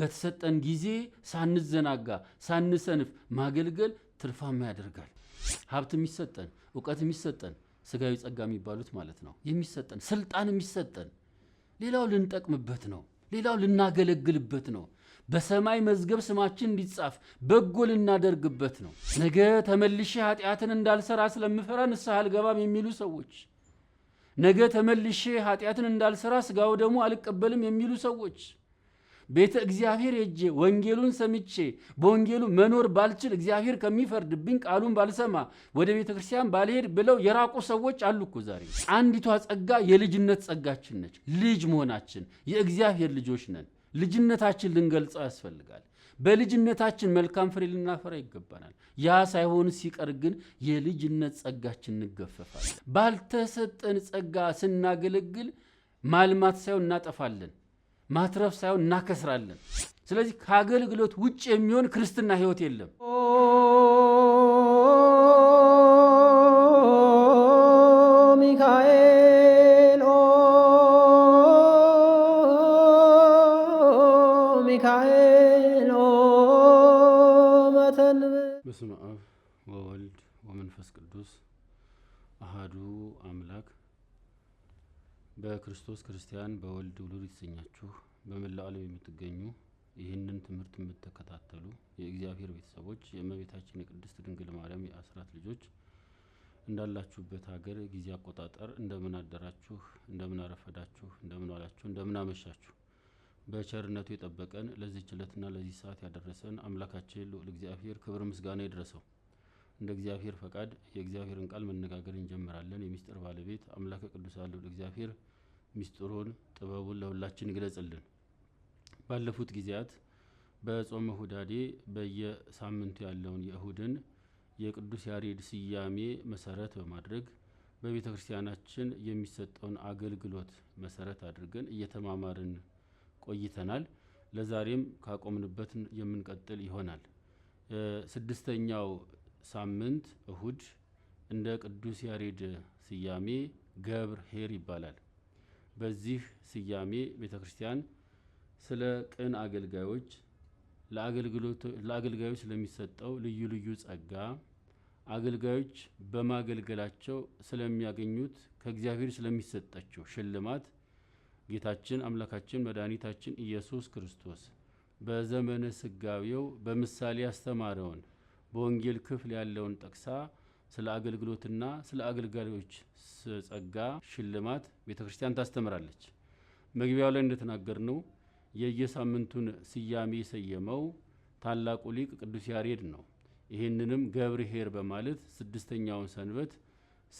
በተሰጠን ጊዜ ሳንዘናጋ ሳንሰንፍ ማገልገል ትርፋማ ያደርጋል። ሀብት የሚሰጠን እውቀት የሚሰጠን ስጋዊ ጸጋ የሚባሉት ማለት ነው የሚሰጠን ስልጣን የሚሰጠን ሌላው ልንጠቅምበት ነው። ሌላው ልናገለግልበት ነው። በሰማይ መዝገብ ስማችን እንዲጻፍ በጎ ልናደርግበት ነው። ነገ ተመልሼ ኃጢአትን እንዳልሰራ ስለምፈራ ንስሐ አልገባም የሚሉ ሰዎች፣ ነገ ተመልሼ ኃጢአትን እንዳልሰራ ስጋው ደግሞ አልቀበልም የሚሉ ሰዎች ቤተ እግዚአብሔር ሄጄ ወንጌሉን ሰምቼ በወንጌሉ መኖር ባልችል እግዚአብሔር ከሚፈርድብኝ ቃሉን ባልሰማ ወደ ቤተ ክርስቲያን ባልሄድ ብለው የራቁ ሰዎች አሉ እኮ ዛሬ። አንዲቷ ጸጋ የልጅነት ጸጋችን ነች። ልጅ መሆናችን የእግዚአብሔር ልጆች ነን። ልጅነታችን ልንገልጸው ያስፈልጋል። በልጅነታችን መልካም ፍሬ ልናፈራ ይገባናል። ያ ሳይሆን ሲቀር ግን የልጅነት ጸጋችን እንገፈፋል። ባልተሰጠን ጸጋ ስናገለግል ማልማት ሳይሆን እናጠፋለን። ማትረፍ ሳይሆን እናከስራለን። ስለዚህ ከአገልግሎት ውጭ የሚሆን ክርስትና ህይወት የለም። ሚካኤል ሚካኤል መተንብ በስመ አብ ወወልድ ወመንፈስ ቅዱስ አሃዱ አምላክ በክርስቶስ ክርስቲያን በወልድ ውሉድ የተሰኛችሁ በመላው ዓለም የምትገኙ ይህንን ትምህርት የምትከታተሉ የእግዚአብሔር ቤተሰቦች የእመቤታችን የቅድስት ድንግል ማርያም የአስራት ልጆች እንዳላችሁበት ሀገር ጊዜ አቆጣጠር እንደምን አደራችሁ፣ እንደምን አረፈዳችሁ፣ እንደምን ዋላችሁ፣ እንደምን አመሻችሁ። በቸርነቱ የጠበቀን ለዚህ ችለትና ለዚህ ሰዓት ያደረሰን አምላካችን ልዑል እግዚአብሔር ክብር ምስጋና ይድረሰው። እንደ እግዚአብሔር ፈቃድ የእግዚአብሔርን ቃል መነጋገር እንጀምራለን። የሚስጥር ባለቤት አምላከ ቅዱስ ልዑል እግዚአብሔር ሚስጥሩን ጥበቡን ለሁላችን ይግለጽልን። ባለፉት ጊዜያት በጾመ ሁዳዴ በየሳምንቱ ያለውን የእሁድን የቅዱስ ያሬድ ስያሜ መሰረት በማድረግ በቤተ ክርስቲያናችን የሚሰጠውን አገልግሎት መሰረት አድርገን እየተማማርን ቆይተናል። ለዛሬም ካቆምንበት የምንቀጥል ይሆናል። ስድስተኛው ሳምንት እሁድ እንደ ቅዱስ ያሬድ ስያሜ ገብር ኄር ይባላል። በዚህ ስያሜ ቤተ ክርስቲያን ስለ ቅን አገልጋዮች ለአገልጋዮች ስለሚሰጠው ልዩ ልዩ ጸጋ፣ አገልጋዮች በማገልገላቸው ስለሚያገኙት ከእግዚአብሔር ስለሚሰጣቸው ሽልማት ጌታችን አምላካችን መድኃኒታችን ኢየሱስ ክርስቶስ በዘመነ ስጋዌው በምሳሌ ያስተማረውን በወንጌል ክፍል ያለውን ጠቅሳ ስለ አገልግሎትና ስለ አገልጋዮች ጸጋ ሽልማት ቤተ ክርስቲያን ታስተምራለች። መግቢያው ላይ እንደተናገር ነው የየሳምንቱን ስያሜ የሰየመው ታላቁ ሊቅ ቅዱስ ያሬድ ነው። ይህንንም ገብርሄር በማለት ስድስተኛውን ሰንበት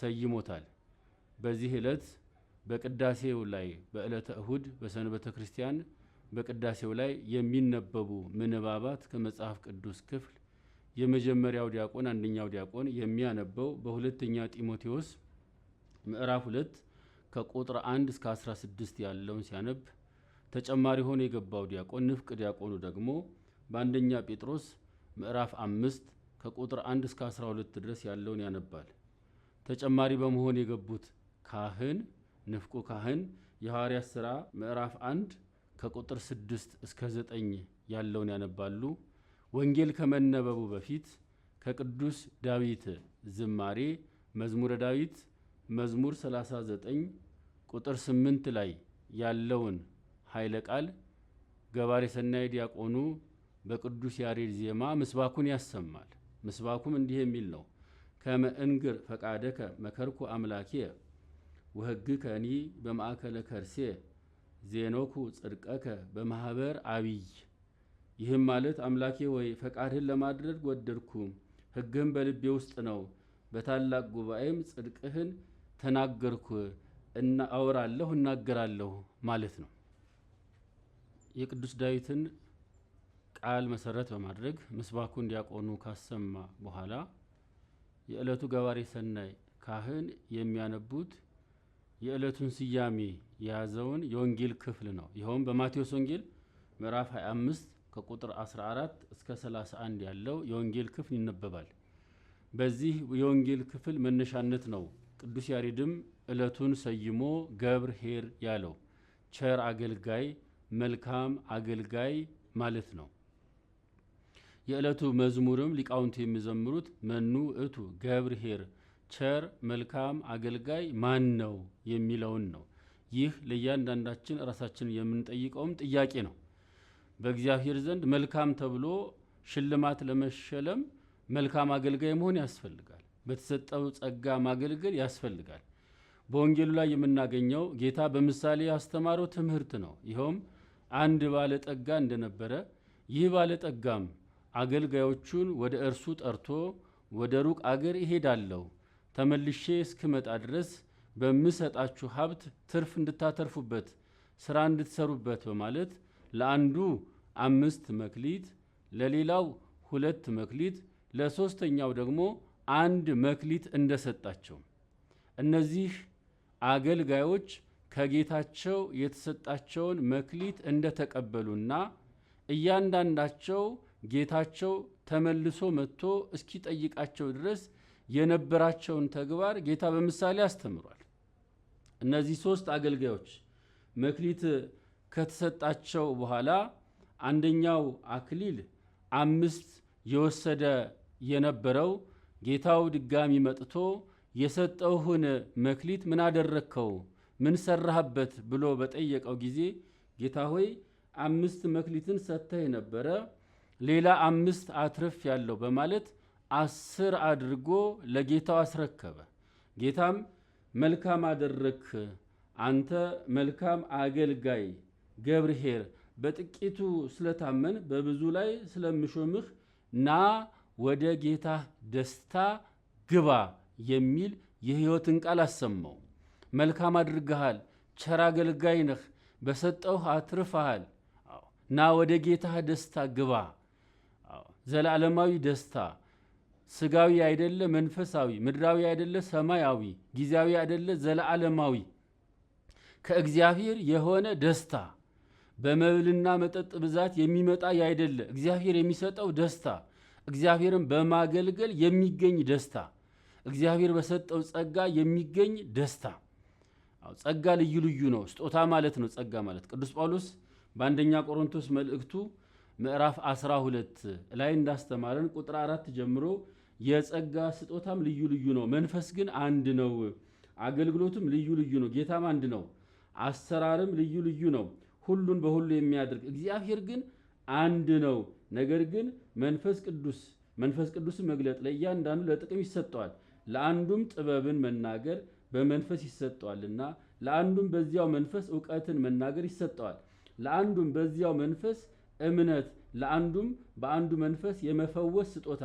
ሰይሞታል። በዚህ ዕለት በቅዳሴው ላይ በዕለተ እሁድ በሰንበተ ክርስቲያን በቅዳሴው ላይ የሚነበቡ ምንባባት ከመጽሐፍ ቅዱስ ክፍል የመጀመሪያው ዲያቆን አንደኛው ዲያቆን የሚያነበው በሁለተኛ ጢሞቴዎስ ምዕራፍ 2 ከቁጥር 1 እስከ 16 ያለውን ሲያነብ ተጨማሪ ሆኖ የገባው ዲያቆን ንፍቅ ዲያቆኑ ደግሞ በአንደኛ ጴጥሮስ ምዕራፍ 5 ከቁጥር 1 እስከ 12 ድረስ ያለውን ያነባል። ተጨማሪ በመሆን የገቡት ካህን ንፍቁ ካህን የሐዋርያት ሥራ ምዕራፍ 1 ከቁጥር 6 እስከ 9 ያለውን ያነባሉ። ወንጌል ከመነበቡ በፊት ከቅዱስ ዳዊት ዝማሬ መዝሙረ ዳዊት መዝሙር 39 ቁጥር 8 ላይ ያለውን ኃይለ ቃል ገባሬ ሰናይ ዲያቆኑ በቅዱስ ያሬድ ዜማ ምስባኩን ያሰማል። ምስባኩም እንዲህ የሚል ነው። ከመ እንግር ፈቃደከ መከርኩ አምላኬ ወህግ ከኒ በማእከለ ከርሴ ዜኖኩ ጽድቀከ በማህበር አብይ ይህም ማለት አምላኬ ወይ ፈቃድህን ለማድረግ ወደድኩ፣ ሕግህም በልቤ ውስጥ ነው። በታላቅ ጉባኤም ጽድቅህን ተናገርኩ፣ እና አወራለሁ፣ እናገራለሁ ማለት ነው። የቅዱስ ዳዊትን ቃል መሰረት በማድረግ ምስባኩ እንዲያቆኑ ካሰማ በኋላ የዕለቱ ገባሬ ሰናይ ካህን የሚያነቡት የዕለቱን ስያሜ የያዘውን የወንጌል ክፍል ነው። ይኸውም በማቴዎስ ወንጌል ምዕራፍ 25 ከቁጥር 14 እስከ 31 ያለው የወንጌል ክፍል ይነበባል። በዚህ የወንጌል ክፍል መነሻነት ነው ቅዱስ ያሬድም ዕለቱን ሰይሞ ገብር ኄር ያለው ቸር አገልጋይ፣ መልካም አገልጋይ ማለት ነው። የዕለቱ መዝሙርም ሊቃውንቱ የሚዘምሩት መኑ እቱ ገብር ኄር ቸር መልካም አገልጋይ ማን ነው የሚለውን ነው። ይህ ለእያንዳንዳችን ራሳችን የምንጠይቀውም ጥያቄ ነው። በእግዚአብሔር ዘንድ መልካም ተብሎ ሽልማት ለመሸለም መልካም አገልጋይ መሆን ያስፈልጋል። በተሰጠው ጸጋ ማገልገል ያስፈልጋል። በወንጌሉ ላይ የምናገኘው ጌታ በምሳሌ ያስተማረው ትምህርት ነው። ይኸውም አንድ ባለጠጋ እንደነበረ፣ ይህ ባለጠጋም አገልጋዮቹን ወደ እርሱ ጠርቶ ወደ ሩቅ አገር እሄዳለሁ ተመልሼ እስክመጣ ድረስ በምሰጣችሁ ሀብት ትርፍ እንድታተርፉበት፣ ስራ እንድትሰሩበት በማለት ለአንዱ አምስት መክሊት፣ ለሌላው ሁለት መክሊት፣ ለሶስተኛው ደግሞ አንድ መክሊት እንደሰጣቸው እነዚህ አገልጋዮች ከጌታቸው የተሰጣቸውን መክሊት እንደተቀበሉና እያንዳንዳቸው ጌታቸው ተመልሶ መጥቶ እስኪጠይቃቸው ድረስ የነበራቸውን ተግባር ጌታ በምሳሌ አስተምሯል። እነዚህ ሶስት አገልጋዮች መክሊት ከተሰጣቸው በኋላ አንደኛው አክሊል አምስት የወሰደ የነበረው ጌታው ድጋሚ መጥቶ የሰጠውህን መክሊት ምን አደረግከው? ምን ሰራህበት? ብሎ በጠየቀው ጊዜ ጌታ ሆይ አምስት መክሊትን ሰጥተህ ነበረ፣ ሌላ አምስት አትርፍ ያለው በማለት አስር አድርጎ ለጌታው አስረከበ። ጌታም መልካም አደረክ አንተ መልካም አገልጋይ ገብርሄር በጥቂቱ ስለታመን በብዙ ላይ ስለምሾምህ ና ወደ ጌታህ ደስታ ግባ የሚል የሕይወትን ቃል አሰማው። መልካም አድርግሃል፣ ቸር አገልጋይ ነህ፣ በሰጠውህ አትርፈሃል። ና ወደ ጌታህ ደስታ ግባ። ዘላለማዊ ደስታ ስጋዊ አይደለ መንፈሳዊ፣ ምድራዊ አይደለ ሰማያዊ፣ ጊዜያዊ አይደለ ዘላለማዊ ከእግዚአብሔር የሆነ ደስታ በመብልና መጠጥ ብዛት የሚመጣ ያይደለ እግዚአብሔር የሚሰጠው ደስታ፣ እግዚአብሔርን በማገልገል የሚገኝ ደስታ፣ እግዚአብሔር በሰጠው ጸጋ የሚገኝ ደስታ። ጸጋ ልዩ ልዩ ነው፣ ስጦታ ማለት ነው። ጸጋ ማለት ቅዱስ ጳውሎስ በአንደኛ ቆሮንቶስ መልእክቱ ምዕራፍ 12 ላይ እንዳስተማረን ቁጥር አራት ጀምሮ የጸጋ ስጦታም ልዩ ልዩ ነው፣ መንፈስ ግን አንድ ነው። አገልግሎትም ልዩ ልዩ ነው፣ ጌታም አንድ ነው። አሰራርም ልዩ ልዩ ነው ሁሉን በሁሉ የሚያደርግ እግዚአብሔር ግን አንድ ነው። ነገር ግን መንፈስ ቅዱስ መንፈስ ቅዱስን መግለጥ ለእያንዳንዱ ለጥቅም ይሰጠዋል። ለአንዱም ጥበብን መናገር በመንፈስ ይሰጠዋልና፣ ለአንዱም በዚያው መንፈስ እውቀትን መናገር ይሰጠዋል። ለአንዱም በዚያው መንፈስ እምነት፣ ለአንዱም በአንዱ መንፈስ የመፈወስ ስጦታ፣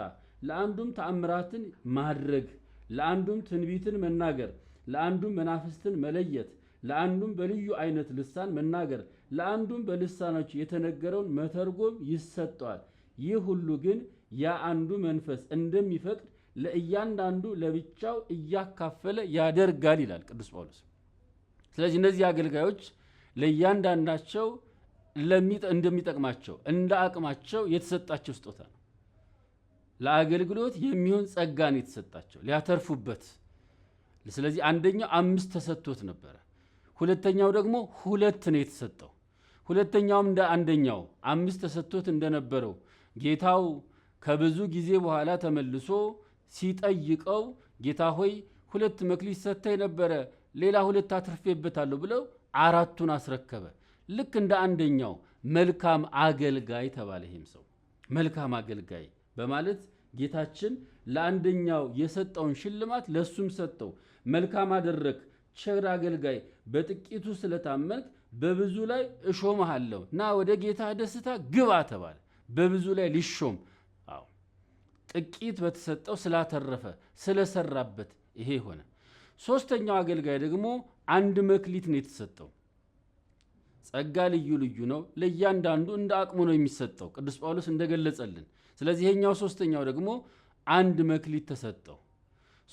ለአንዱም ተአምራትን ማድረግ፣ ለአንዱም ትንቢትን መናገር፣ ለአንዱም መናፍስትን መለየት፣ ለአንዱም በልዩ አይነት ልሳን መናገር ለአንዱም በልሳኖች የተነገረውን መተርጎም ይሰጠዋል። ይህ ሁሉ ግን ያ አንዱ መንፈስ እንደሚፈቅድ ለእያንዳንዱ ለብቻው እያካፈለ ያደርጋል ይላል ቅዱስ ጳውሎስ። ስለዚህ እነዚህ አገልጋዮች ለእያንዳንዳቸው እንደሚጠቅማቸው እንደ አቅማቸው የተሰጣቸው ስጦታ ነው። ለአገልግሎት የሚሆን ጸጋን የተሰጣቸው ሊያተርፉበት። ስለዚህ አንደኛው አምስት ተሰጥቶት ነበረ፣ ሁለተኛው ደግሞ ሁለት ነው የተሰጠው። ሁለተኛውም እንደ አንደኛው አምስት ተሰጥቶት እንደነበረው ጌታው ከብዙ ጊዜ በኋላ ተመልሶ ሲጠይቀው ጌታ ሆይ ሁለት መክሊት ሰጥተህ ነበረ፣ ሌላ ሁለት አትርፌበታለሁ ብለው አራቱን አስረከበ። ልክ እንደ አንደኛው መልካም አገልጋይ ተባለ። ይህም ሰው መልካም አገልጋይ በማለት ጌታችን ለአንደኛው የሰጠውን ሽልማት ለእሱም ሰጠው። መልካም አደረክ፣ ቸር አገልጋይ፣ በጥቂቱ ስለታመንክ በብዙ ላይ እሾምሃለሁ ና ወደ ጌታ ደስታ ግባ ተባለ። በብዙ ላይ ሊሾም ጥቂት በተሰጠው ስላተረፈ ስለሰራበት ይሄ ሆነ። ሶስተኛው አገልጋይ ደግሞ አንድ መክሊት ነው የተሰጠው። ጸጋ ልዩ ልዩ ነው፣ ለእያንዳንዱ እንደ አቅሙ ነው የሚሰጠው፣ ቅዱስ ጳውሎስ እንደገለጸልን። ስለዚህ ይሄኛው ሶስተኛው ደግሞ አንድ መክሊት ተሰጠው።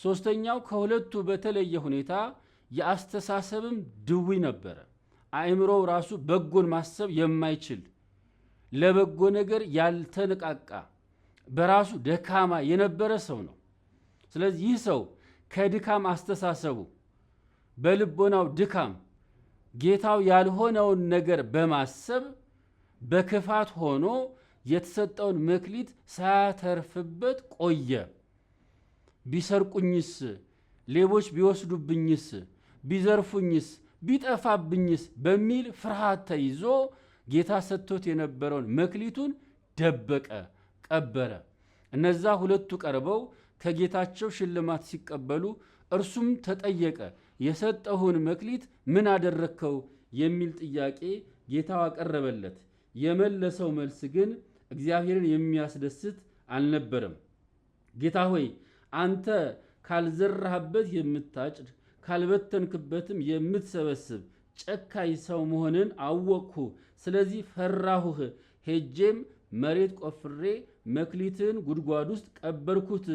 ሶስተኛው ከሁለቱ በተለየ ሁኔታ የአስተሳሰብም ድዊ ነበረ። አእምሮው ራሱ በጎን ማሰብ የማይችል ለበጎ ነገር ያልተነቃቃ በራሱ ደካማ የነበረ ሰው ነው። ስለዚህ ይህ ሰው ከድካም አስተሳሰቡ በልቦናው ድካም ጌታው ያልሆነውን ነገር በማሰብ በክፋት ሆኖ የተሰጠውን መክሊት ሳያተርፍበት ቆየ። ቢሰርቁኝስ፣ ሌቦች ቢወስዱብኝስ፣ ቢዘርፉኝስ ቢጠፋብኝስ በሚል ፍርሃት ተይዞ ጌታ ሰጥቶት የነበረውን መክሊቱን ደበቀ፣ ቀበረ። እነዛ ሁለቱ ቀርበው ከጌታቸው ሽልማት ሲቀበሉ እርሱም ተጠየቀ። የሰጠሁን መክሊት ምን አደረግከው የሚል ጥያቄ ጌታው አቀረበለት። የመለሰው መልስ ግን እግዚአብሔርን የሚያስደስት አልነበረም። ጌታ ሆይ አንተ ካልዘራህበት የምታጭድ ካልበተንክበትም የምትሰበስብ ጨካኝ ሰው መሆንን አወቅኩ። ስለዚህ ፈራሁህ። ሄጄም መሬት ቆፍሬ መክሊትን ጉድጓድ ውስጥ ቀበርኩት።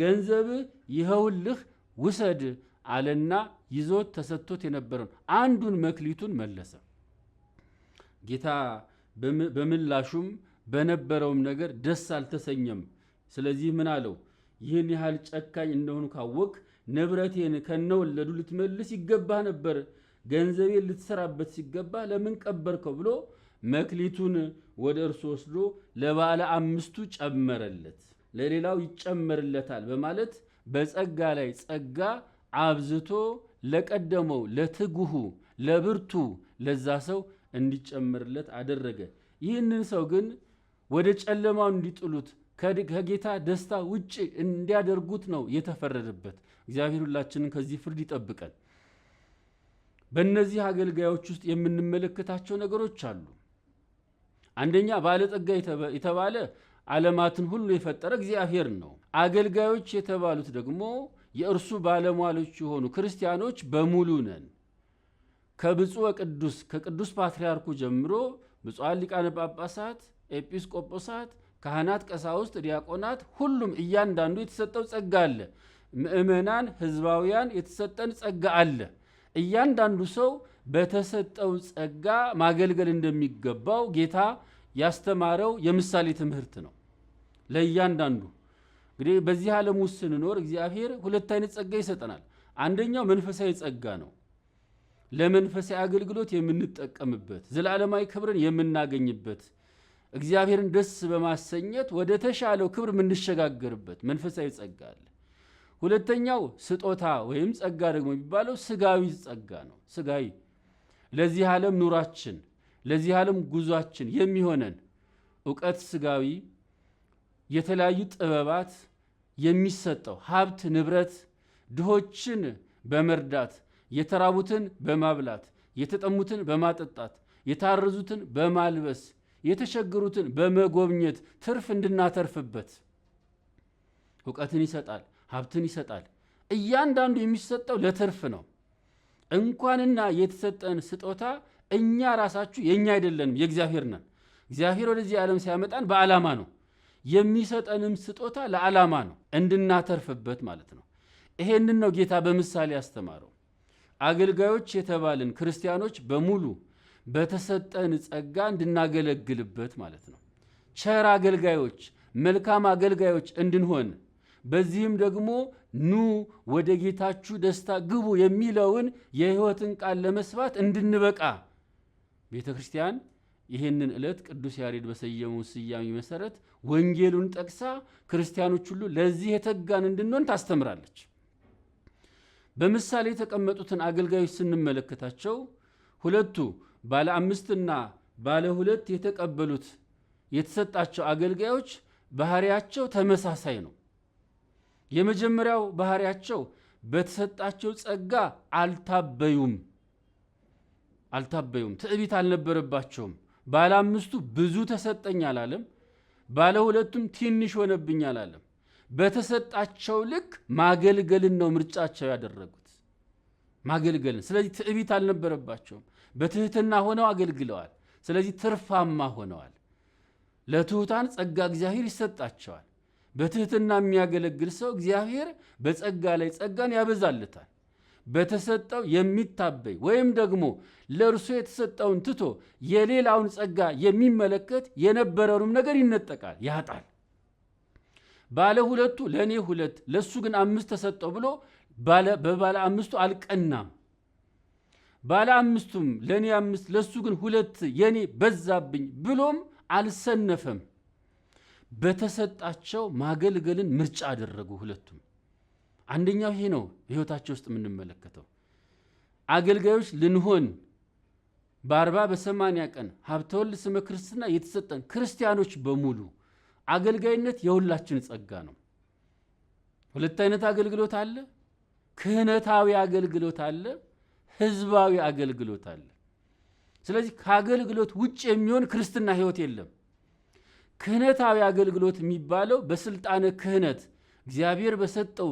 ገንዘብ ይኸውልህ ውሰድ አለና ይዞት ተሰጥቶት የነበረውን አንዱን መክሊቱን መለሰ። ጌታ በምላሹም በነበረውም ነገር ደስ አልተሰኘም። ስለዚህ ምን አለው? ይህን ያህል ጨካኝ እንደሆኑ ካወቅ ንብረቴን ከነወለዱ ልትመልስ ይገባ ነበር፣ ገንዘቤን ልትሰራበት ሲገባ ለምን ቀበርከው ብሎ መክሊቱን ወደ እርሱ ወስዶ ለባለ አምስቱ ጨመረለት፣ ለሌላው ይጨመርለታል በማለት በጸጋ ላይ ጸጋ አብዝቶ ለቀደመው ለትጉሁ ለብርቱ ለዛ ሰው እንዲጨመርለት አደረገ። ይህንን ሰው ግን ወደ ጨለማው እንዲጥሉት ከጌታ ደስታ ውጭ እንዲያደርጉት ነው የተፈረደበት። እግዚአብሔር ሁላችንን ከዚህ ፍርድ ይጠብቀን። በእነዚህ አገልጋዮች ውስጥ የምንመለከታቸው ነገሮች አሉ። አንደኛ ባለጠጋ የተባለ ዓለማትን ሁሉ የፈጠረ እግዚአብሔር ነው። አገልጋዮች የተባሉት ደግሞ የእርሱ ባለሟሎች የሆኑ ክርስቲያኖች በሙሉ ነን። ከብፁዕ ቅዱስ ከቅዱስ ፓትርያርኩ ጀምሮ ብፁዓን ሊቃነ ጳጳሳት፣ ኤጲስቆጶሳት፣ ካህናት፣ ቀሳውስት፣ ዲያቆናት ሁሉም እያንዳንዱ የተሰጠው ጸጋ አለ። ምእመናን፣ ህዝባውያን የተሰጠን ጸጋ አለ። እያንዳንዱ ሰው በተሰጠው ጸጋ ማገልገል እንደሚገባው ጌታ ያስተማረው የምሳሌ ትምህርት ነው ለእያንዳንዱ። እንግዲህ በዚህ ዓለም ውስጥ ስንኖር እግዚአብሔር ሁለት አይነት ጸጋ ይሰጠናል። አንደኛው መንፈሳዊ ጸጋ ነው፣ ለመንፈሳዊ አገልግሎት የምንጠቀምበት ዘላለማዊ ክብርን የምናገኝበት እግዚአብሔርን ደስ በማሰኘት ወደ ተሻለው ክብር የምንሸጋገርበት መንፈሳዊ ጸጋ አለ። ሁለተኛው ስጦታ ወይም ጸጋ ደግሞ የሚባለው ስጋዊ ጸጋ ነው። ስጋዊ ለዚህ ዓለም ኑራችን፣ ለዚህ ዓለም ጉዟችን የሚሆነን እውቀት ስጋዊ፣ የተለያዩ ጥበባት የሚሰጠው ሀብት ንብረት፣ ድሆችን በመርዳት የተራቡትን በማብላት የተጠሙትን በማጠጣት የታረዙትን በማልበስ የተቸገሩትን በመጎብኘት ትርፍ እንድናተርፍበት እውቀትን ይሰጣል። ሀብትን ይሰጣል። እያንዳንዱ የሚሰጠው ለትርፍ ነው። እንኳንና የተሰጠን ስጦታ እኛ ራሳችሁ የእኛ አይደለንም፣ የእግዚአብሔር ነን። እግዚአብሔር ወደዚህ ዓለም ሲያመጣን በዓላማ ነው። የሚሰጠንም ስጦታ ለዓላማ ነው፣ እንድናተርፍበት ማለት ነው። ይሄንን ነው ጌታ በምሳሌ ያስተማረው። አገልጋዮች የተባልን ክርስቲያኖች በሙሉ በተሰጠን ጸጋ እንድናገለግልበት ማለት ነው። ቸር አገልጋዮች፣ መልካም አገልጋዮች እንድንሆን በዚህም ደግሞ ኑ ወደ ጌታችሁ ደስታ ግቡ የሚለውን የሕይወትን ቃል ለመስባት እንድንበቃ ቤተ ክርስቲያን ይህንን ዕለት ቅዱስ ያሬድ በሰየመው ስያሜ መሰረት ወንጌሉን ጠቅሳ ክርስቲያኖች ሁሉ ለዚህ የተጋን እንድንሆን ታስተምራለች። በምሳሌ የተቀመጡትን አገልጋዮች ስንመለከታቸው ሁለቱ ባለ አምስትና ባለ ሁለት የተቀበሉት የተሰጣቸው አገልጋዮች ባህሪያቸው ተመሳሳይ ነው። የመጀመሪያው ባህሪያቸው በተሰጣቸው ጸጋ አልታበዩም አልታበዩም ትዕቢት አልነበረባቸውም። ባለ አምስቱ ብዙ ተሰጠኝ አላለም። ባለ ሁለቱም ትንሽ ሆነብኝ አላለም። በተሰጣቸው ልክ ማገልገልን ነው ምርጫቸው ያደረጉት ማገልገልን። ስለዚህ ትዕቢት አልነበረባቸውም። በትህትና ሆነው አገልግለዋል። ስለዚህ ትርፋማ ሆነዋል። ለትሑታን ጸጋ እግዚአብሔር ይሰጣቸዋል። በትህትና የሚያገለግል ሰው እግዚአብሔር በጸጋ ላይ ጸጋን ያበዛለታል። በተሰጠው የሚታበይ ወይም ደግሞ ለእርሱ የተሰጠውን ትቶ የሌላውን ጸጋ የሚመለከት የነበረውንም ነገር ይነጠቃል፣ ያጣል። ባለ ሁለቱ ለእኔ ሁለት ለእሱ ግን አምስት ተሰጠው ብሎ በባለ አምስቱ አልቀናም። ባለ አምስቱም ለእኔ አምስት ለእሱ ግን ሁለት የኔ በዛብኝ ብሎም አልሰነፈም። በተሰጣቸው ማገልገልን ምርጫ አደረጉ። ሁለቱም አንደኛው ይሄ ነው። በሕይወታቸው ውስጥ የምንመለከተው አገልጋዮች ልንሆን በአርባ በሰማንያ ቀን ሀብተ ስመ ክርስትና የተሰጠን ክርስቲያኖች በሙሉ አገልጋይነት የሁላችን ጸጋ ነው። ሁለት አይነት አገልግሎት አለ። ክህነታዊ አገልግሎት አለ፣ ህዝባዊ አገልግሎት አለ። ስለዚህ ከአገልግሎት ውጭ የሚሆን ክርስትና ህይወት የለም። ክህነታዊ አገልግሎት የሚባለው በስልጣነ ክህነት እግዚአብሔር በሰጠው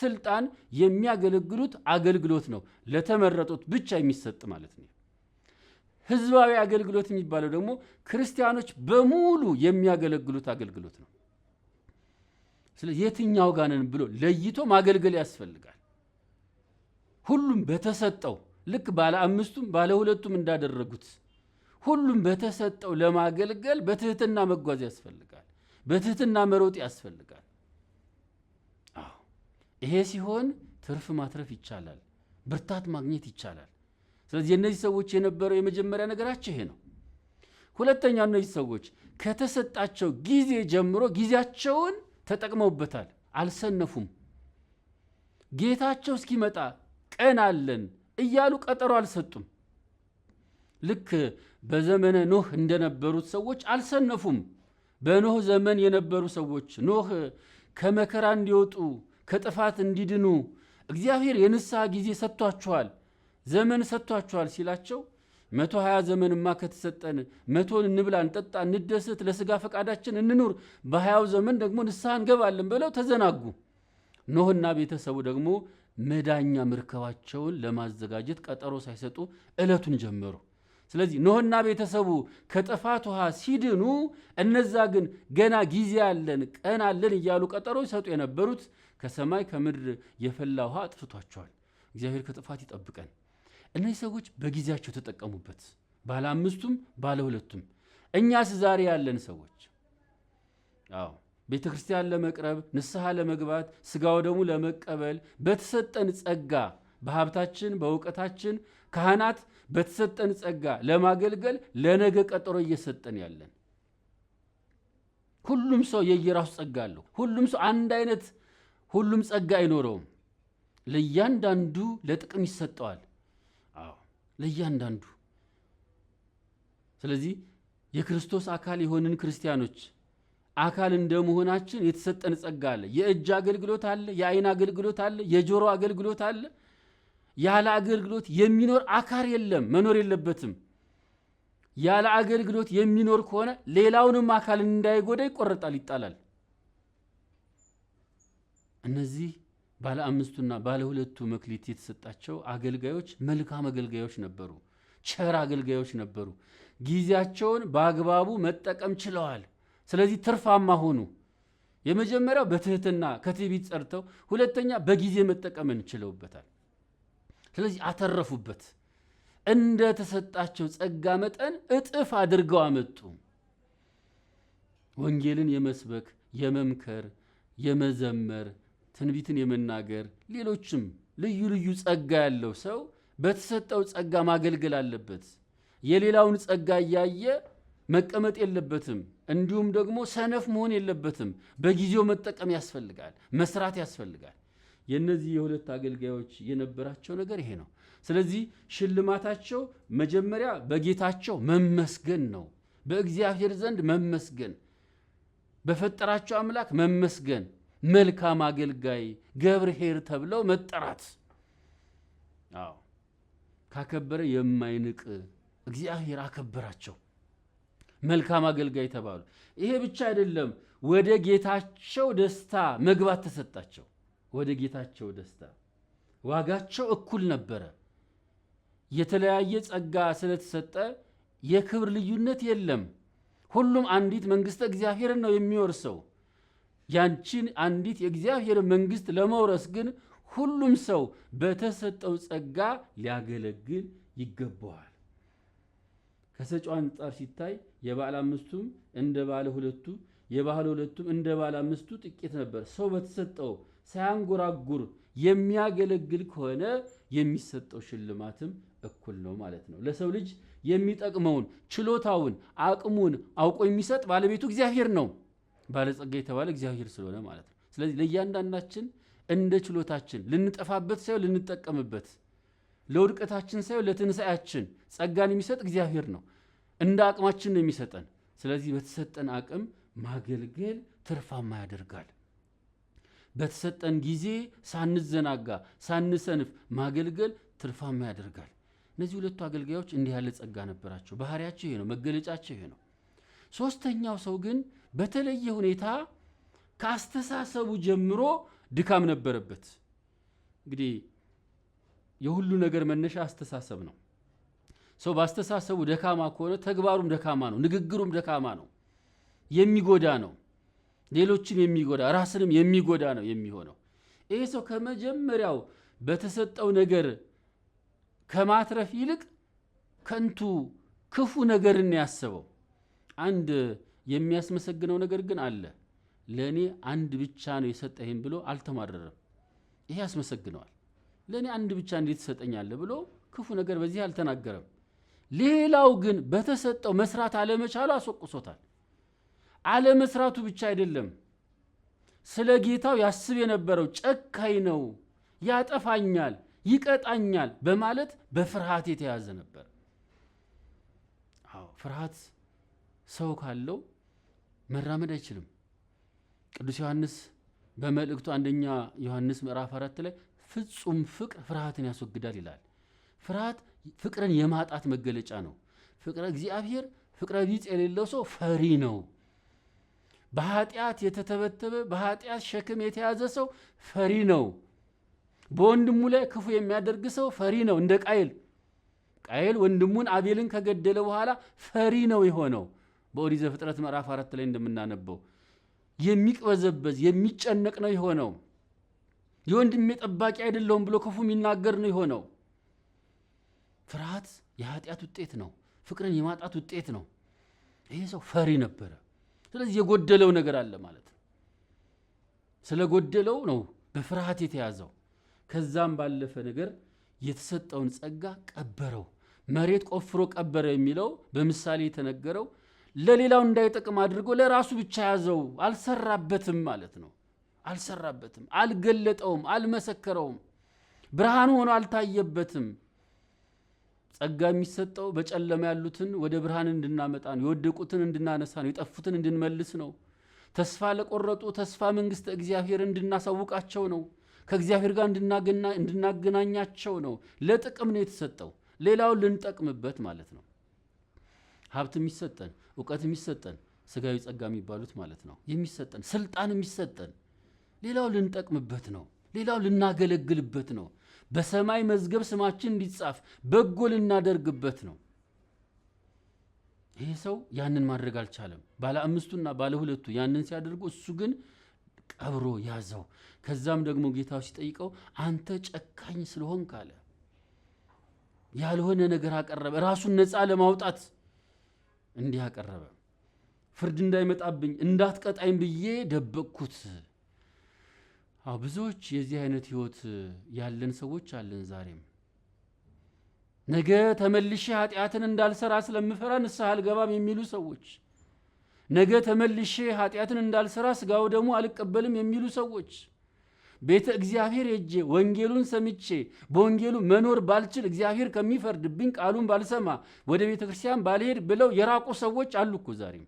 ስልጣን የሚያገለግሉት አገልግሎት ነው። ለተመረጡት ብቻ የሚሰጥ ማለት ነው። ህዝባዊ አገልግሎት የሚባለው ደግሞ ክርስቲያኖች በሙሉ የሚያገለግሉት አገልግሎት ነው። ስለዚህ የትኛው ጋር ነን ብሎ ለይቶ ማገልገል ያስፈልጋል። ሁሉም በተሰጠው ልክ ባለ አምስቱም ባለ ሁለቱም እንዳደረጉት ሁሉም በተሰጠው ለማገልገል በትህትና መጓዝ ያስፈልጋል። በትህትና መሮጥ ያስፈልጋል። አዎ ይሄ ሲሆን ትርፍ ማትረፍ ይቻላል፣ ብርታት ማግኘት ይቻላል። ስለዚህ የእነዚህ ሰዎች የነበረው የመጀመሪያ ነገራቸው ይሄ ነው። ሁለተኛ እነዚህ ሰዎች ከተሰጣቸው ጊዜ ጀምሮ ጊዜያቸውን ተጠቅመውበታል፣ አልሰነፉም። ጌታቸው እስኪመጣ ቀን አለን እያሉ ቀጠሮ አልሰጡም። ልክ በዘመነ ኖህ እንደነበሩት ሰዎች አልሰነፉም። በኖህ ዘመን የነበሩ ሰዎች ኖህ ከመከራ እንዲወጡ ከጥፋት እንዲድኑ እግዚአብሔር የንስሐ ጊዜ ሰጥቷችኋል፣ ዘመን ሰጥቷችኋል ሲላቸው መቶ ሀያ ዘመንማ ከተሰጠን መቶን እንብላ፣ እንጠጣ፣ እንደስት፣ ለስጋ ፈቃዳችን እንኑር፣ በሀያው ዘመን ደግሞ ንስሐ እንገባለን ብለው ተዘናጉ። ኖህና ቤተሰቡ ደግሞ መዳኛ ምርከባቸውን ለማዘጋጀት ቀጠሮ ሳይሰጡ ዕለቱን ጀመሩ። ስለዚህ ኖህና ቤተሰቡ ከጥፋት ውሃ ሲድኑ፣ እነዛ ግን ገና ጊዜ አለን ቀን አለን እያሉ ቀጠሮ ይሰጡ የነበሩት ከሰማይ ከምድር የፈላ ውሃ አጥፍቷቸዋል። እግዚአብሔር ከጥፋት ይጠብቀን። እነዚህ ሰዎች በጊዜያቸው ተጠቀሙበት፣ ባለ አምስቱም ባለ ሁለቱም። እኛስ ዛሬ ያለን ሰዎች አዎ ቤተ ክርስቲያን ለመቅረብ ንስሐ ለመግባት ስጋ ደግሞ ለመቀበል በተሰጠን ጸጋ በሀብታችን በእውቀታችን ካህናት በተሰጠን ጸጋ ለማገልገል ለነገ ቀጠሮ እየሰጠን ያለን። ሁሉም ሰው የየራሱ ጸጋ አለው። ሁሉም ሰው አንድ አይነት ሁሉም ጸጋ አይኖረውም። ለእያንዳንዱ ለጥቅም ይሰጠዋል። አዎ ለእያንዳንዱ። ስለዚህ የክርስቶስ አካል የሆንን ክርስቲያኖች አካል እንደመሆናችን የተሰጠን ጸጋ አለ። የእጅ አገልግሎት አለ። የአይን አገልግሎት አለ። የጆሮ አገልግሎት አለ። ያለ አገልግሎት የሚኖር አካል የለም፣ መኖር የለበትም። ያለ አገልግሎት የሚኖር ከሆነ ሌላውንም አካል እንዳይጎዳ ይቆረጣል፣ ይጣላል። እነዚህ ባለ አምስቱና ባለ ሁለቱ መክሊት የተሰጣቸው አገልጋዮች መልካም አገልጋዮች ነበሩ፣ ቸር አገልጋዮች ነበሩ። ጊዜያቸውን በአግባቡ መጠቀም ችለዋል። ስለዚህ ትርፋማ ሆኑ። የመጀመሪያው በትህትና ከትዕቢት ጸርተው፣ ሁለተኛ በጊዜ መጠቀምን ችለውበታል። ስለዚህ አተረፉበት። እንደ ተሰጣቸው ጸጋ መጠን እጥፍ አድርገው አመጡ። ወንጌልን የመስበክ የመምከር፣ የመዘመር፣ ትንቢትን የመናገር ሌሎችም ልዩ ልዩ ጸጋ ያለው ሰው በተሰጠው ጸጋ ማገልገል አለበት። የሌላውን ጸጋ እያየ መቀመጥ የለበትም። እንዲሁም ደግሞ ሰነፍ መሆን የለበትም። በጊዜው መጠቀም ያስፈልጋል፣ መስራት ያስፈልጋል። የእነዚህ የሁለት አገልጋዮች የነበራቸው ነገር ይሄ ነው። ስለዚህ ሽልማታቸው መጀመሪያ በጌታቸው መመስገን ነው፣ በእግዚአብሔር ዘንድ መመስገን፣ በፈጠራቸው አምላክ መመስገን፣ መልካም አገልጋይ ገብርሄር ተብለው መጠራት። አዎ ካከበረ የማይንቅ እግዚአብሔር አከበራቸው፣ መልካም አገልጋይ ተባሉ። ይሄ ብቻ አይደለም፣ ወደ ጌታቸው ደስታ መግባት ተሰጣቸው። ወደ ጌታቸው ደስታ። ዋጋቸው እኩል ነበረ። የተለያየ ጸጋ ስለተሰጠ የክብር ልዩነት የለም። ሁሉም አንዲት መንግሥተ እግዚአብሔርን ነው የሚወርሰው። ያንቺን አንዲት የእግዚአብሔር መንግሥት ለመውረስ ግን ሁሉም ሰው በተሰጠው ጸጋ ሊያገለግል ይገባዋል። ከሰጪው አንጻር ሲታይ የባለ አምስቱም እንደ ባለ ሁለቱ፣ የባለ ሁለቱም እንደ ባለ አምስቱ ጥቂት ነበር። ሰው በተሰጠው ሳያንጎራጉር የሚያገለግል ከሆነ የሚሰጠው ሽልማትም እኩል ነው ማለት ነው። ለሰው ልጅ የሚጠቅመውን ችሎታውን፣ አቅሙን አውቆ የሚሰጥ ባለቤቱ እግዚአብሔር ነው። ባለጸጋ የተባለ እግዚአብሔር ስለሆነ ማለት ነው። ስለዚህ ለእያንዳንዳችን እንደ ችሎታችን ልንጠፋበት ሳይሆን ልንጠቀምበት፣ ለውድቀታችን ሳይሆን ለትንሣኤያችን ጸጋን የሚሰጥ እግዚአብሔር ነው። እንደ አቅማችን ነው የሚሰጠን። ስለዚህ በተሰጠን አቅም ማገልገል ትርፋማ ያደርጋል። በተሰጠን ጊዜ ሳንዘናጋ ሳንሰንፍ ማገልገል ትርፋማ ያደርጋል። እነዚህ ሁለቱ አገልጋዮች እንዲህ ያለ ጸጋ ነበራቸው። ባህሪያቸው ይሄ ነው፣ መገለጫቸው ይሄ ነው። ሶስተኛው ሰው ግን በተለየ ሁኔታ ከአስተሳሰቡ ጀምሮ ድካም ነበረበት። እንግዲህ የሁሉ ነገር መነሻ አስተሳሰብ ነው። ሰው በአስተሳሰቡ ደካማ ከሆነ ተግባሩም ደካማ ነው፣ ንግግሩም ደካማ ነው፣ የሚጎዳ ነው። ሌሎችን የሚጎዳ ራስንም የሚጎዳ ነው የሚሆነው። ይሄ ሰው ከመጀመሪያው በተሰጠው ነገር ከማትረፍ ይልቅ ከንቱ ክፉ ነገርን ያሰበው። አንድ የሚያስመሰግነው ነገር ግን አለ። ለእኔ አንድ ብቻ ነው የሰጠህም ብሎ አልተማረረም። ይሄ ያስመሰግነዋል። ለእኔ አንድ ብቻ እንዴት ትሰጠኛለህ ብሎ ክፉ ነገር በዚህ አልተናገረም። ሌላው ግን በተሰጠው መስራት አለመቻሉ አስወቅሶታል። አለመስራቱ ብቻ አይደለም፣ ስለ ጌታው ያስብ የነበረው ጨካኝ ነው፣ ያጠፋኛል፣ ይቀጣኛል በማለት በፍርሃት የተያዘ ነበር። አዎ ፍርሃት ሰው ካለው መራመድ አይችልም። ቅዱስ ዮሐንስ በመልእክቱ አንደኛ ዮሐንስ ምዕራፍ አራት ላይ ፍጹም ፍቅር ፍርሃትን ያስወግዳል ይላል። ፍርሃት ፍቅርን የማጣት መገለጫ ነው። ፍቅረ እግዚአብሔር ፍቅረ ቢጽ የሌለው ሰው ፈሪ ነው። በኃጢአት የተተበተበ በኃጢአት ሸክም የተያዘ ሰው ፈሪ ነው። በወንድሙ ላይ ክፉ የሚያደርግ ሰው ፈሪ ነው። እንደ ቃይል ቃይል ወንድሙን አቤልን ከገደለ በኋላ ፈሪ ነው የሆነው። በኦሪት ዘፍጥረት ምዕራፍ አራት ላይ እንደምናነበው የሚቅበዘበዝ የሚጨነቅ ነው የሆነው። የወንድሜ ጠባቂ አይደለሁም ብሎ ክፉ የሚናገር ነው የሆነው። ፍርሃት የኃጢአት ውጤት ነው። ፍቅርን የማጣት ውጤት ነው። ይሄ ሰው ፈሪ ነበረ። ስለዚህ የጎደለው ነገር አለ ማለት ነው። ስለጎደለው ነው በፍርሃት የተያዘው። ከዛም ባለፈ ነገር የተሰጠውን ጸጋ ቀበረው፣ መሬት ቆፍሮ ቀበረ የሚለው በምሳሌ የተነገረው ለሌላው እንዳይጠቅም አድርጎ ለራሱ ብቻ ያዘው። አልሰራበትም ማለት ነው። አልሰራበትም፣ አልገለጠውም፣ አልመሰከረውም፣ ብርሃን ሆኖ አልታየበትም። ጸጋ የሚሰጠው በጨለማ ያሉትን ወደ ብርሃን እንድናመጣ ነው። የወደቁትን እንድናነሳ ነው። የጠፉትን እንድንመልስ ነው። ተስፋ ለቆረጡ ተስፋ መንግሥተ እግዚአብሔር እንድናሳውቃቸው ነው። ከእግዚአብሔር ጋር እንድናገናኛቸው ነው። ለጥቅም ነው የተሰጠው፣ ሌላውን ልንጠቅምበት ማለት ነው። ሀብት የሚሰጠን እውቀት የሚሰጠን ስጋዊ ጸጋ የሚባሉት ማለት ነው የሚሰጠን ስልጣን የሚሰጠን ሌላው ልንጠቅምበት ነው። ሌላው ልናገለግልበት ነው። በሰማይ መዝገብ ስማችን እንዲጻፍ በጎ ልናደርግበት ነው። ይሄ ሰው ያንን ማድረግ አልቻለም። ባለ አምስቱና ባለ ሁለቱ ያንን ሲያደርጉ እሱ ግን ቀብሮ ያዘው። ከዛም ደግሞ ጌታው ሲጠይቀው አንተ ጨካኝ ስለሆን ካለ ያልሆነ ነገር አቀረበ። ራሱን ነፃ ለማውጣት እንዲህ አቀረበ። ፍርድ እንዳይመጣብኝ እንዳትቀጣኝ ብዬ ደበቅኩት። አዎ ብዙዎች የዚህ አይነት ህይወት ያለን ሰዎች አለን። ዛሬም ነገ ተመልሼ ኃጢአትን እንዳልሰራ ስለምፈራ ንስሐ አልገባም የሚሉ ሰዎች፣ ነገ ተመልሼ ኃጢአትን እንዳልሰራ ስጋው ደግሞ አልቀበልም የሚሉ ሰዎች፣ ቤተ እግዚአብሔር ሄጄ ወንጌሉን ሰምቼ በወንጌሉ መኖር ባልችል እግዚአብሔር ከሚፈርድብኝ ቃሉን ባልሰማ ወደ ቤተ ክርስቲያን ባልሄድ ብለው የራቁ ሰዎች አሉ እኮ ዛሬም።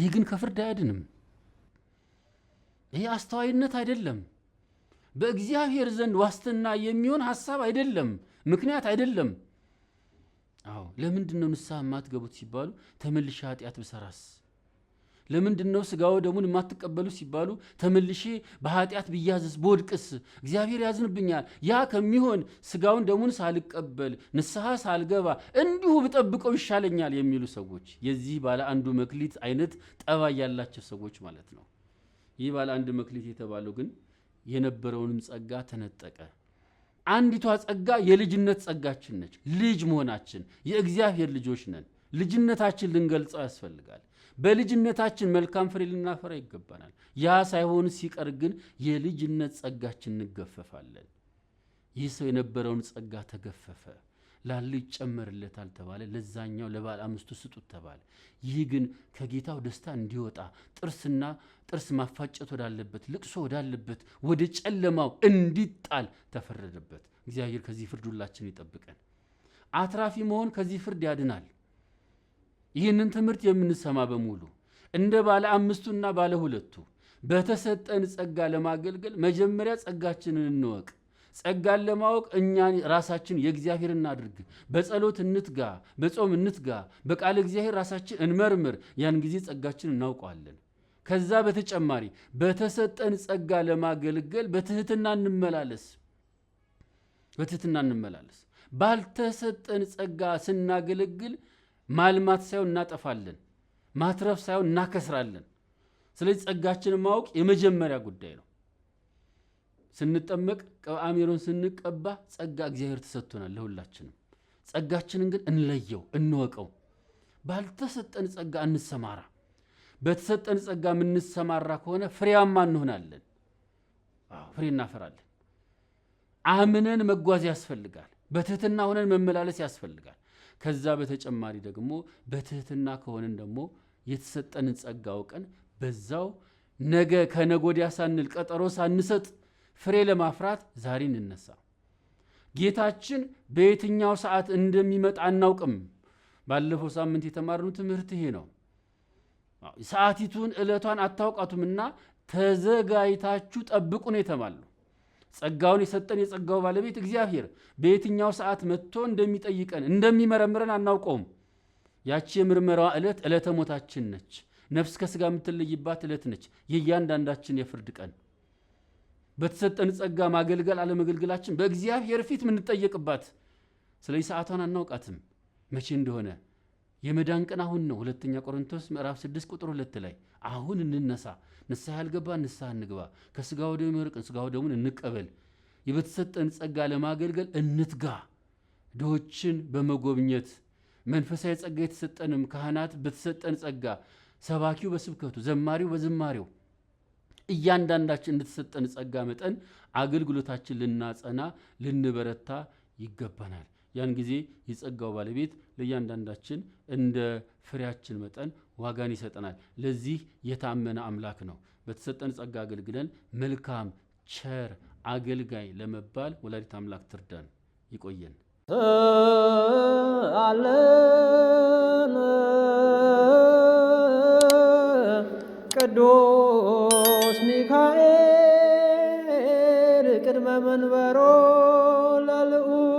ይህ ግን ከፍርድ አያድንም። ይህ አስተዋይነት አይደለም። በእግዚአብሔር ዘንድ ዋስትና የሚሆን ሀሳብ አይደለም፣ ምክንያት አይደለም። አዎ ለምንድን ነው ንስሐ የማትገቡት ሲባሉ ተመልሼ ኃጢአት ብሰራስ? ለምንድን ነው ስጋው ደሙን የማትቀበሉ ሲባሉ ተመልሼ በኃጢአት ብያዝስ በወድቅስ እግዚአብሔር ያዝንብኛል። ያ ከሚሆን ስጋውን ደሙን ሳልቀበል ንስሐ ሳልገባ እንዲሁ ብጠብቀው ይሻለኛል የሚሉ ሰዎች የዚህ ባለ አንዱ መክሊት አይነት ጠባይ ያላቸው ሰዎች ማለት ነው። ይህ ባለ አንድ መክሊት የተባለው ግን የነበረውንም ጸጋ ተነጠቀ። አንዲቷ ጸጋ የልጅነት ጸጋችን ነች። ልጅ መሆናችን የእግዚአብሔር ልጆች ነን። ልጅነታችን ልንገልጸው ያስፈልጋል። በልጅነታችን መልካም ፍሬ ልናፈራ ይገባናል። ያ ሳይሆን ሲቀር ግን የልጅነት ጸጋችን እንገፈፋለን። ይህ ሰው የነበረውን ጸጋ ተገፈፈ። ላለው ይጨመርለታል ተባለ። ለዛኛው ለባለ አምስቱ ስጡት ተባለ። ይህ ግን ከጌታው ደስታ እንዲወጣ ጥርስና ጥርስ ማፋጨት ወዳለበት፣ ልቅሶ ወዳለበት፣ ወደ ጨለማው እንዲጣል ተፈረደበት። እግዚአብሔር ከዚህ ፍርድ ሁላችን ይጠብቀን። አትራፊ መሆን ከዚህ ፍርድ ያድናል። ይህንን ትምህርት የምንሰማ በሙሉ እንደ ባለ አምስቱና ባለ ሁለቱ በተሰጠን ጸጋ ለማገልገል መጀመሪያ ጸጋችንን እንወቅ። ጸጋን ለማወቅ እኛ ራሳችን የእግዚአብሔር እናድርግ፣ በጸሎት እንትጋ፣ በጾም እንትጋ፣ በቃለ እግዚአብሔር ራሳችን እንመርምር። ያን ጊዜ ጸጋችን እናውቀዋለን። ከዛ በተጨማሪ በተሰጠን ጸጋ ለማገልገል በትህትና እንመላለስ፣ በትህትና እንመላለስ። ባልተሰጠን ጸጋ ስናገለግል ማልማት ሳይሆን እናጠፋለን፣ ማትረፍ ሳይሆን እናከስራለን። ስለዚህ ጸጋችን ማወቅ የመጀመሪያ ጉዳይ ነው። ስንጠመቅ አሜሮን ስንቀባ ጸጋ እግዚአብሔር ተሰጥቶናል ለሁላችንም። ጸጋችንን ግን እንለየው፣ እንወቀው። ባልተሰጠን ጸጋ እንሰማራ። በተሰጠን ጸጋ የምንሰማራ ከሆነ ፍሬያማ እንሆናለን፣ ፍሬ እናፈራለን። አምነን መጓዝ ያስፈልጋል። በትህትና ሆነን መመላለስ ያስፈልጋል። ከዛ በተጨማሪ ደግሞ በትህትና ከሆነን ደግሞ የተሰጠንን ጸጋ አውቀን በዛው ነገ ከነጎዲያ ሳንል ቀጠሮ ሳንሰጥ ፍሬ ለማፍራት ዛሬ እንነሳ። ጌታችን በየትኛው ሰዓት እንደሚመጣ አናውቅም። ባለፈው ሳምንት የተማርነው ትምህርት ይሄ ነው። ሰዓቲቱን ዕለቷን አታውቃቱምና ተዘጋጅታችሁ ጠብቁ ነው የተባለው። ጸጋውን የሰጠን የጸጋው ባለቤት እግዚአብሔር በየትኛው ሰዓት መጥቶ እንደሚጠይቀን እንደሚመረምረን አናውቀውም። ያቺ የምርመራዋ ዕለት ዕለተ ሞታችን ነች። ነፍስ ከሥጋ የምትለይባት ዕለት ነች፣ የእያንዳንዳችን የፍርድ ቀን በተሰጠን ጸጋ ማገልገል አለመገልገላችን በእግዚአብሔር ፊት የምንጠየቅባት። ስለዚህ ሰዓቷን አናውቃትም መቼ እንደሆነ። የመዳን ቀን አሁን ነው። ሁለተኛ ቆሮንቶስ ምዕራፍ 6 ቁጥር 2 ላይ አሁን እንነሳ፣ ንስሐ ያልገባ ንስሐ እንግባ፣ ከስጋ ወደሙ የሚርቅን ስጋ ወደሙን እንቀበል፣ የበተሰጠን ጸጋ ለማገልገል እንትጋ፣ ድሆችን በመጎብኘት መንፈሳዊ ጸጋ የተሰጠንም ካህናት በተሰጠን ጸጋ፣ ሰባኪው በስብከቱ፣ ዘማሪው በዝማሬው እያንዳንዳችን እንደተሰጠን ጸጋ መጠን አገልግሎታችን ልናጸና ልንበረታ ይገባናል። ያን ጊዜ የጸጋው ባለቤት ለእያንዳንዳችን እንደ ፍሬያችን መጠን ዋጋን ይሰጠናል። ለዚህ የታመነ አምላክ ነው። በተሰጠን ጸጋ አገልግለን መልካም ቸር አገልጋይ ለመባል ወላዲት አምላክ ትርዳን። ይቆየን አለ ቅዱስ ሚካኤል ቅድመ መንበሮ ለልዑ